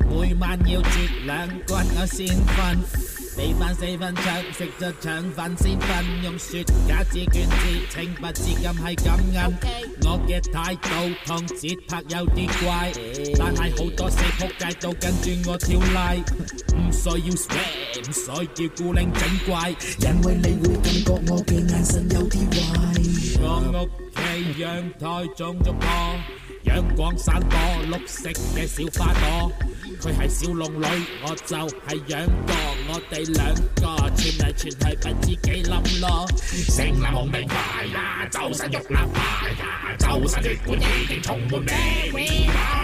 每晚要節兩骨我先瞓，未飯四分鐘食著腸粉先瞓，用雪茄紙捲紙，請勿節音係感恩。我嘅態度同節拍有啲怪，但係好多死仆街都跟住我跳賴，唔需要 swear，唔需要孤零整怪，因為你會感覺我嘅眼神有啲壞。我屋企陽台種咗波。陽光散播，綠色嘅小花朵。佢係小龍女，我就係楊過，我哋兩個穿嚟穿去，不知幾冧咯。成林紅梅花呀，就殺玉蘭花呀，就殺血管已經充滿血。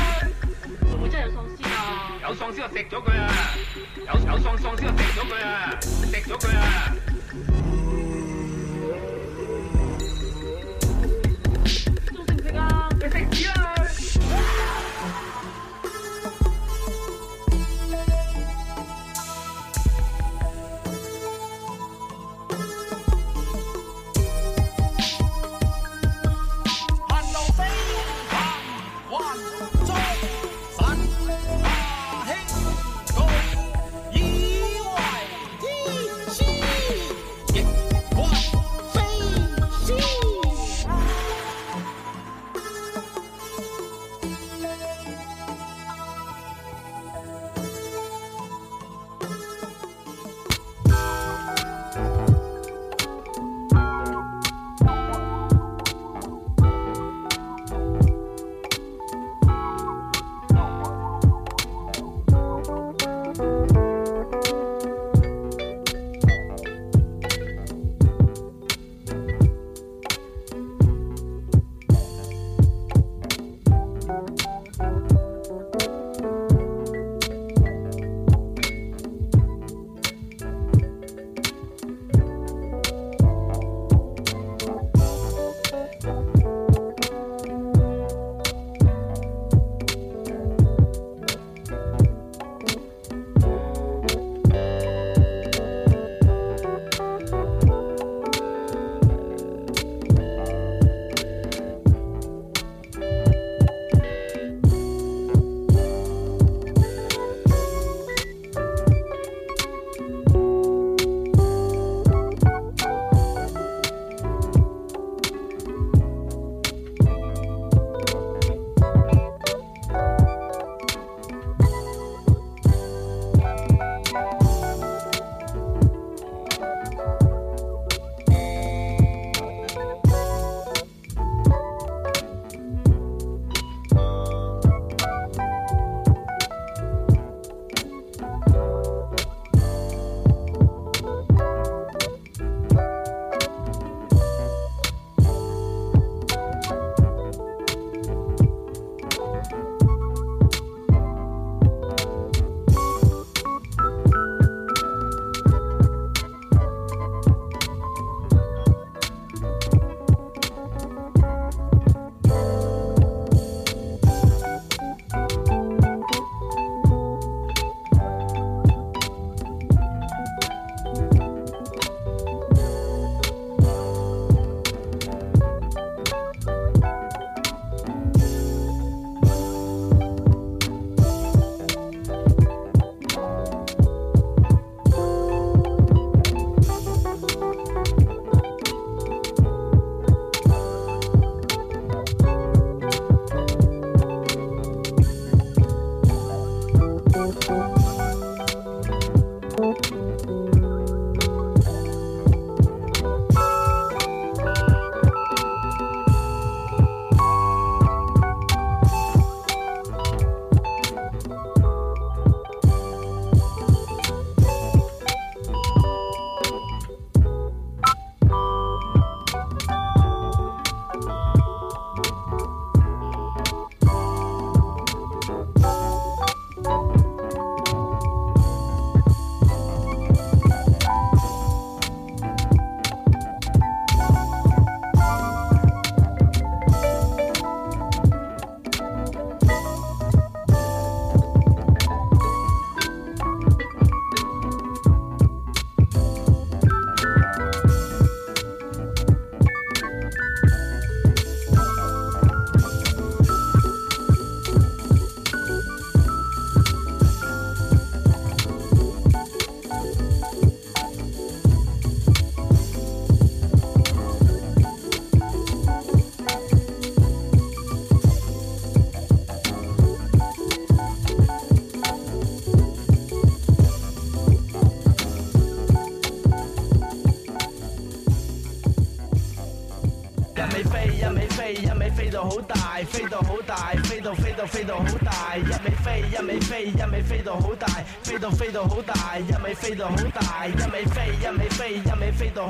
有喪屍就食咗佢啊！有有喪喪，喪屍啊！就食咗佢啊！食咗佢啊！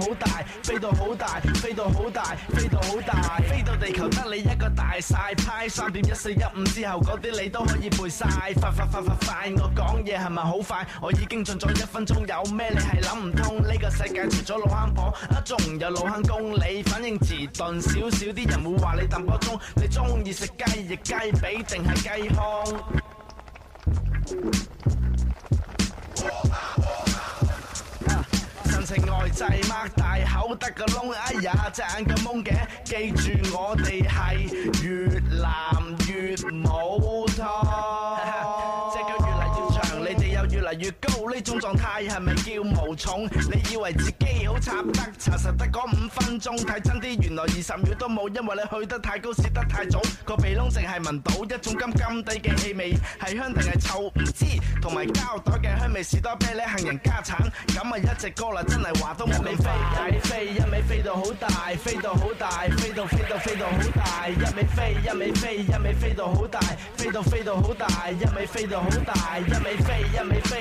好大，飛到好大，飛到好大，飛到好大，飛到地球得你一個大晒。派三點一四一五之後嗰啲你都可以背晒。快快快快快！我講嘢係咪好快？我已經進咗一分鐘，有咩你係諗唔通？呢個世界除咗老坑婆，啊仲有老坑公，你反應遲鈍，少少啲人會話你抌波鐘。你中意食雞翼、雞髀定係雞胸？外制擘大口，得個窿，哎呀，隻眼咁懵嘅，記住我哋係越南越冇錯。 越高呢種狀態係咪叫無重？你以為自己好插得，查實得嗰五分鐘，睇真啲原來二十秒都冇，因為你去得太高，蝕得太早。個鼻窿淨係聞到一種金金地嘅氣味，係香定係臭唔知？同埋膠袋嘅香味，士多啤梨杏仁加橙，咁啊一直過啦，真係話都冇咁快。飛一味飛到好大，飛到好大，飛到飛到飛到好大，一味飛一味飛一味飛到好大，飛到飛到好大，一味飛到好大，一味飛一味飛。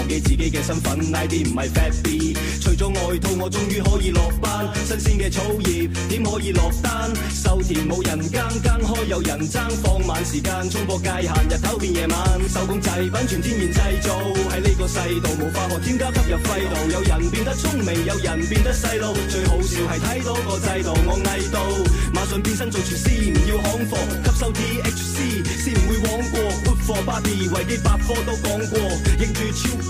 忘記自己嘅身份，I D 唔係 Fat B。 fabby, 除咗外套， 我終於可以落班。 新鮮嘅草葉點 可以落單？瘦田冇人耕，耕 開有人爭放慢。放慢時間衝破界限， 日頭變夜晚。手 工製品 全天然製造，喺呢 個世道 冇化學添加 吸入肺道。 有人變得聰明，有人變得細路。 最好笑係睇到個制度， 我偽到馬上變身做廚師，唔 要行貨。 吸收 T H C，先唔會枉過。活貨巴 f o 維基百科都講過。認住超。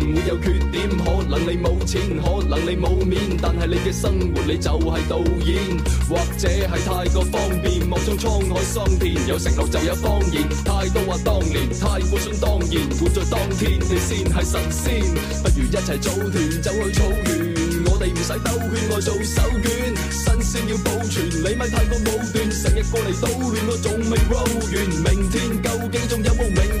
有缺點，可能你冇錢，可能你冇面，但係你嘅生活你就係導演，或者係太過方便，望中滄海桑田，有承諾就有謊言，太多話、啊、當年，太過想當然，活在當天，你先係神仙，不如一齊組團走去草原，我哋唔使兜圈外做手卷，新鮮要保存，你咪太過武斷，成日過嚟搗亂，我仲未 roll 完，明天究竟仲有冇命？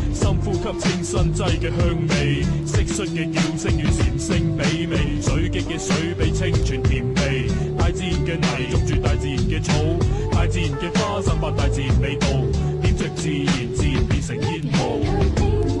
呼吸清新劑嘅香味，蟋蟀嘅叫聲與蟬聲媲美，水經嘅水比清泉甜味，大自然嘅泥融住大自然嘅草，大自然嘅花散發大自然味道，點着自然，自然變成煙霧。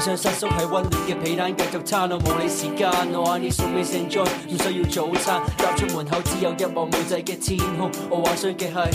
你想失嬌喺溫暖嘅被單繼續，差我冇你時間，我愛你送你盛載唔需要早餐。踏出門口只有一望無際嘅天空，我幻想嘅係。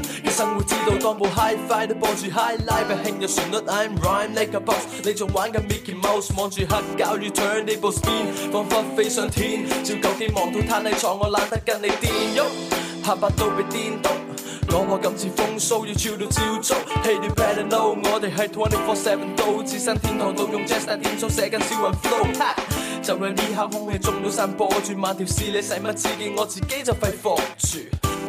生活知道，當部 HiFi 都播住 High Life，興嘅旋律。I'm rhyme like a boss，你仲玩緊 Mickey Mouse，望住黑膠要 turntable spin 彷彿飛上天。Mm -hmm. 照九點望到攤你牀，我懶得跟你掂鬱，下巴都被顛倒。我話今次風騷要超到朝早 Hey you better know，mm -hmm. 我哋喺 Twenty Four Seven。到自身天堂度用 Jazz 帶點出，寫緊超人 Flow。就係呢下空氣中到散播住萬條事，你使乜自己我自己就費放住。